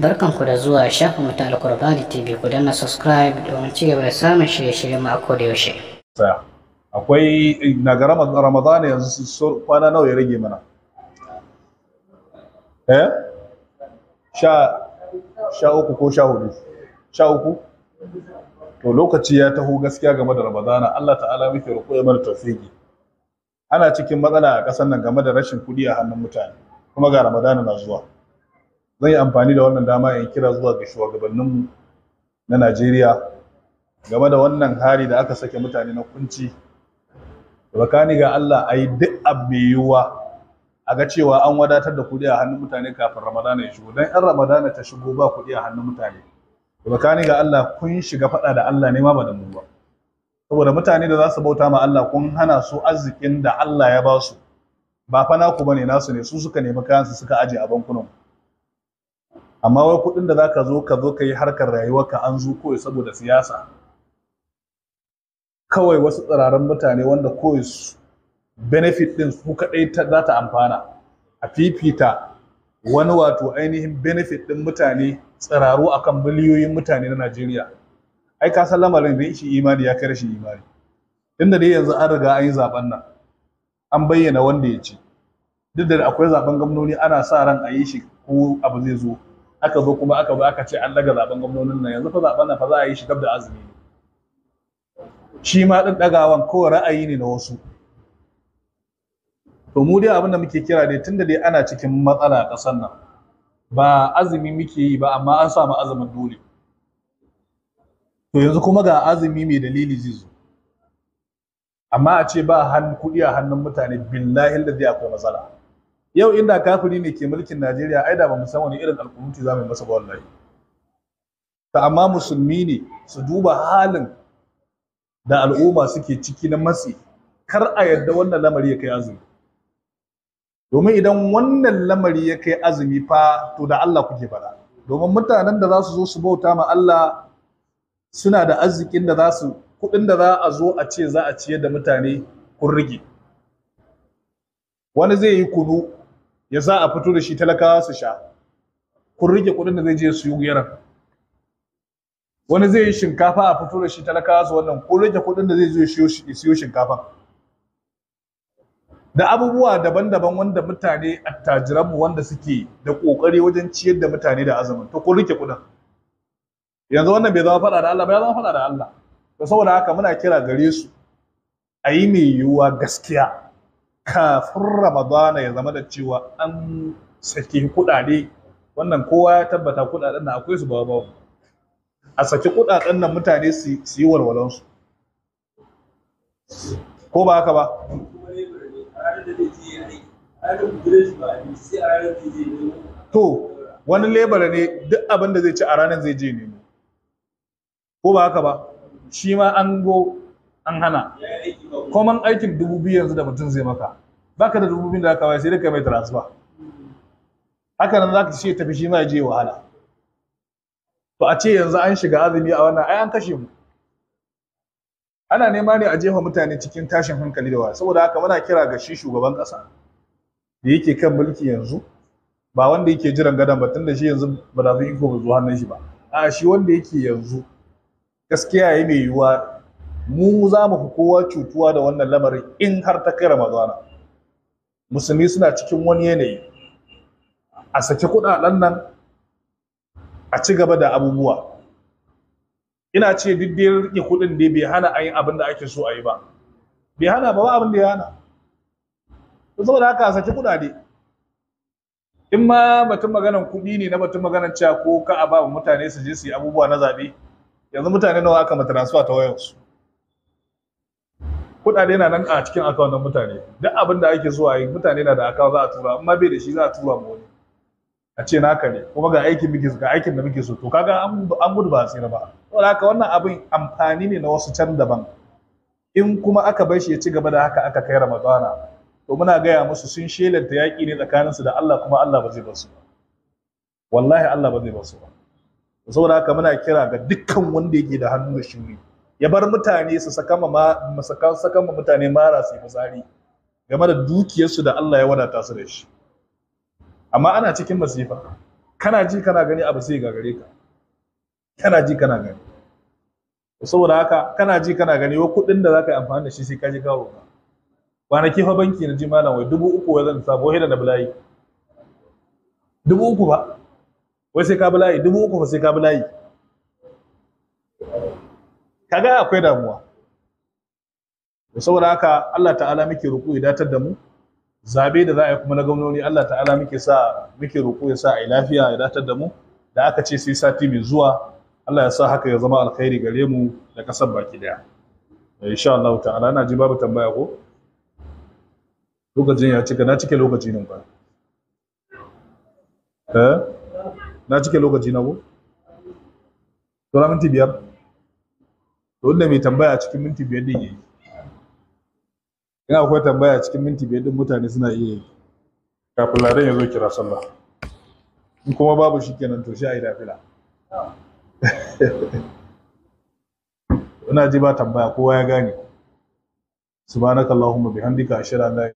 barkan ku da zuwa shafin mu ta alkurbani tv ku danna subscribe domin ci gaba da samun shirye-shiryen mu a koda yaushe akwai ramadana yanzu kwana nawa ya rage mana eh sha sha uku ko sha hudu sha uku to lokaci ya taho gaskiya game da ramadana Allah ta'ala muke roƙo ya mana tawfiki ana cikin matsala a ƙasar nan game da rashin kuɗi a hannun mutane kuma ga ramadana na zuwa zan yi amfani da wannan dama in kira zuwa ga shugabanninmu na Najeriya game da wannan hari da aka sake mutane na kunci bakani ga Allah a yi duk abu yiwuwa a ga cewa an wadatar da kuɗi a hannun mutane kafin Ramadana ya shigo don 'yan Ramadana ta shigo ba kuɗi a hannun mutane bakani ga Allah kun shiga faɗa da Allah ne ma ba da mu ba saboda mutane da za su bauta ma Allah kun hana su arzikin da Allah ya ba su ba fa naku bane nasu ne su suka nemi su suka aje a bankunan amma wai kuɗin da zaka zo ka zo ka yi harkar rayuwarka an zo kawai saboda siyasa kawai wasu tsiraran mutane wanda kawai benefit ɗin su kaɗai za ta amfana a fifita wani wato ainihin benefit ɗin mutane tsiraru akan biliyoyin mutane na Najeriya ai ka san lamarin da shi imani ya kai rashin imani tunda dai yanzu an riga an yi zaben nan an bayyana wanda ya ci duk da akwai zaben gwamnoni ana sa ran a yi shi ko abu zai zo aka zo kuma aka zo aka ce an daga zaben gwamnonin nan yanzu fa zaben nan fa za a yi shi gab da azumi shi ma din dagawan ko ra'ayi ne na wasu to mu dai abin da muke kira dai tunda dai ana cikin matsala a ƙasar nan ba azumi muke yi ba amma an samu azumin dole to yanzu kuma ga azumi mai dalili zai zo amma a ce ba kuɗi a hannun mutane billahi da zai akwai matsala yau inda kafiri ne ke mulkin Najeriya ai da ba mu san wani irin al'umma za mu masa ba wallahi ta amma musulmi ne su duba halin da al'umma suke ciki na matsi kar a yadda wannan lamari ya kai azumi domin idan wannan lamari ya kai azumi fa to da Allah kuke fara domin mutanen da za su zo su bauta ma Allah suna da arzikin da za su kuɗin da za a zo a ce za a ciyar da mutane kun rige wani zai yi kunu ya za a fito da shi talakawa su sha kun rike kuɗin da zai je su yi wuyaran wani zai yi shinkafa a fito da shi talakawa su wannan kun rike kuɗin da zai zo ya siyo shinkafa da abubuwa daban-daban wanda mutane attajiranmu wanda suke da ƙoƙari wajen ciyar da mutane da azumin to kun rike kuɗin yanzu wannan bai zama faɗa da Allah ba ya zama faɗa da Allah to saboda haka muna kira gare su a yi mai yiwuwa gaskiya kafin ramadana ya zama da cewa an saki kuɗaɗe wannan kowa ya tabbata kuɗaɗen nan akwai su ba ba a saki kuɗaɗen nan mutane su yi walwalansu ko ba haka ba to wani lebara ne duk abin da zai ci a ranar zai je nemo ko ba haka ba shi ma an go an hana koman aikin dubu biyu yanzu da mutum zai maka baka da dubu biyu da aka bayar sai dai kai mai transfer haka nan zaka ce tafi shi ma je wahala to a ce yanzu an shiga azumi a wannan ai an kashe mu ana nema ne a jefa mutane cikin tashin hankali da wa saboda haka muna kira ga shi shugaban kasa da yake kan mulki yanzu ba wanda yake jiran gadon ba tunda shi yanzu ba da iko ba zuwa hannun shi ba a shi wanda yake yanzu gaskiya yayi mai yiwuwa mu za mu fi kowa cutuwa da wannan lamarin in har ta kai ramadana musulmi suna cikin wani yanayi a saki kudaden nan a ci gaba da abubuwa ina ce duk da rike kudin da bai hana a yin abin da ake so a yi ba bai hana ba ba abin da ya hana to saboda haka a saki kudade in ma batun maganan kudi ne na batun maganan cewa ko ka a ba mutane su je su yi abubuwa na zabe yanzu mutane nawa aka ma transfer ta wayansu kuɗaɗe na nan a cikin akawun na mutane duk abin da ake zuwa yi mutane na da akawun za a tura amma bai da shi za a tura mu wani a ce naka ne kuma ga aikin muke ga aikin da muke so to kaga an gudu ba tsira ba saboda haka wannan abin amfani ne na wasu can daban in kuma aka bar shi ya ci gaba da haka aka kai ramadana to muna gaya musu sun shelanta yaƙi ne tsakaninsu da Allah kuma Allah ba zai basu ba wallahi Allah ba zai basu ba saboda haka muna kira ga dukkan wanda yake da hannu da shiri. ya bar mutane su saka ma mutane mara su yi fitsari game da dukiyarsu da Allah ya wadata su da shi amma ana cikin masifa kana ji kana gani abu sai gagare ka kana ji kana gani saboda haka kana ji kana gani wa kuɗin da zaka yi amfani da shi sai ka ji kawo ka kwanaki fa banki na ji malam wai dubu uku wai zan sabo hida na bulayi dubu uku ba wai sai ka bulayi dubu uku ba sai ka bulayi kaga akwai damuwa saboda haka Allah ta'ala muke ruku ya datar da mu zabe da za a yi kuma na gwamnoni Allah ta'ala muke sa muke roƙo ya sa a yi lafiya ya datar da mu da aka ce sai sati mai zuwa Allah ya sa haka ya zama alkhairi gare mu da kasar baki daya insha Allah ta'ala na ji babu tambaya ko lokacin ya cika na cike lokaci nan ba eh na cike lokaci na ko to minti biyar dole mai tambaya cikin minti biyar din yayi in akwai tambaya cikin minti biyar din mutane suna iya yi kafin laren ya zo kira sallah in kuma babu shi kenan to shi a yi dafila ina ji ba tambaya kowa ya gane subhanakallahumma bihamdika ashhadu an la